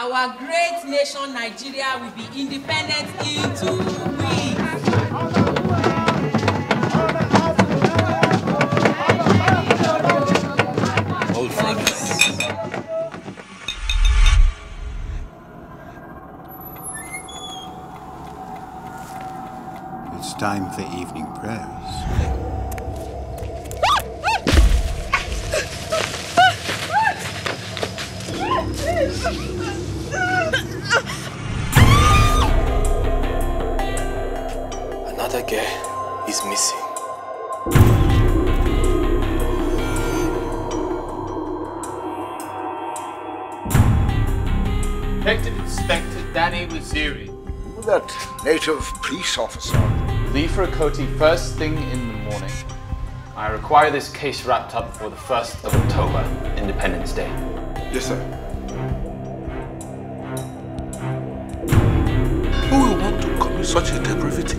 our great nation Nigeria will be independent in two weeks. It's time for evening prayers. Another girl is missing. Detective Inspector Danny Waziri. Who that native police officer? Leave for Akoti first thing in the morning. I require this case wrapped up for the 1st of October, Independence Day. Yes, sir. Who will want to commit such a depravity?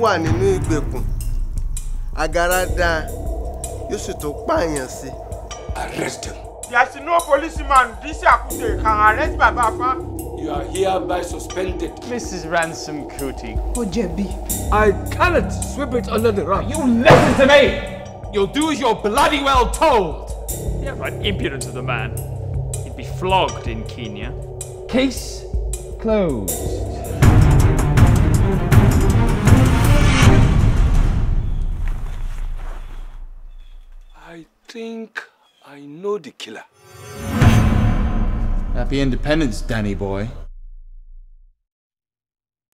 wà nínú ìgbèkùn agara dáa yóò sì tó sí. arrest him. there is no policeman Bisi Akute can arrest baba afa. you are hereby suspended. mrs ransom kuti. Ojebi, i cannot sweep it under the rug. you listen to me you will do as you are bloody well told. the impudence of the man he'd be flogged in Kenya. case closed. think I know the killer. Happy independence, Danny boy.